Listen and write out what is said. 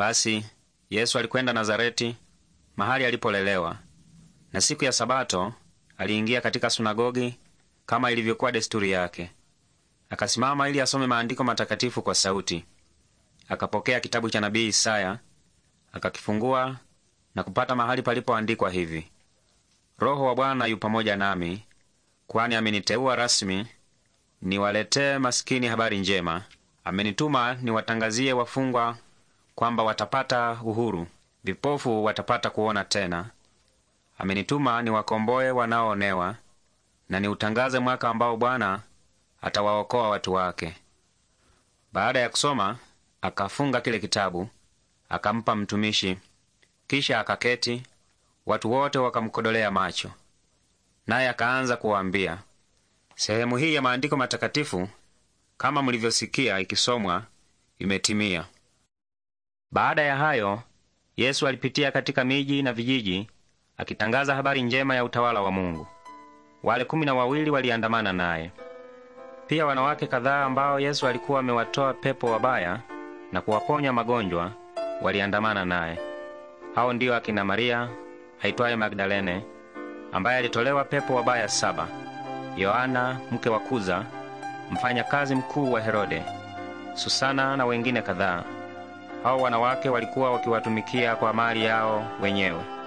Basi Yesu alikwenda Nazareti, mahali alipolelewa, na siku ya Sabato aliingia katika sunagogi kama ilivyokuwa desturi yake. Akasimama ili asome maandiko matakatifu kwa sauti. Akapokea kitabu cha nabii Isaya, akakifungua na kupata mahali palipoandikwa hivi: Roho wa Bwana yu pamoja nami, kwani ameniteua rasmi niwaletee masikini habari njema. Amenituma niwatangazie wafungwa kwamba watapata uhuru, vipofu watapata kuona tena. Amenituma niwakomboe wanaoonewa na niutangaze mwaka ambao Bwana atawaokoa watu wake. Baada ya kusoma, akafunga kile kitabu akampa mtumishi, kisha akaketi. Watu wote wakamkodolea macho, naye akaanza kuwaambia, sehemu hii ya maandiko matakatifu kama mlivyosikia ikisomwa imetimia. Baada ya hayo, Yesu alipitia katika miji na vijiji akitangaza habari njema ya utawala wa Mungu. Wale kumi na wawili waliandamana naye. Pia wanawake kadhaa ambao Yesu alikuwa amewatoa pepo wabaya na kuwaponya magonjwa waliandamana naye. Hao ndiyo akina Maria aitwaye Magdalene, ambaye alitolewa pepo wabaya saba, Yohana mke wa Kuza, mfanyakazi mkuu wa Herode, Susana na wengine kadhaa hao wanawake walikuwa wakiwatumikia kwa mali yao wenyewe.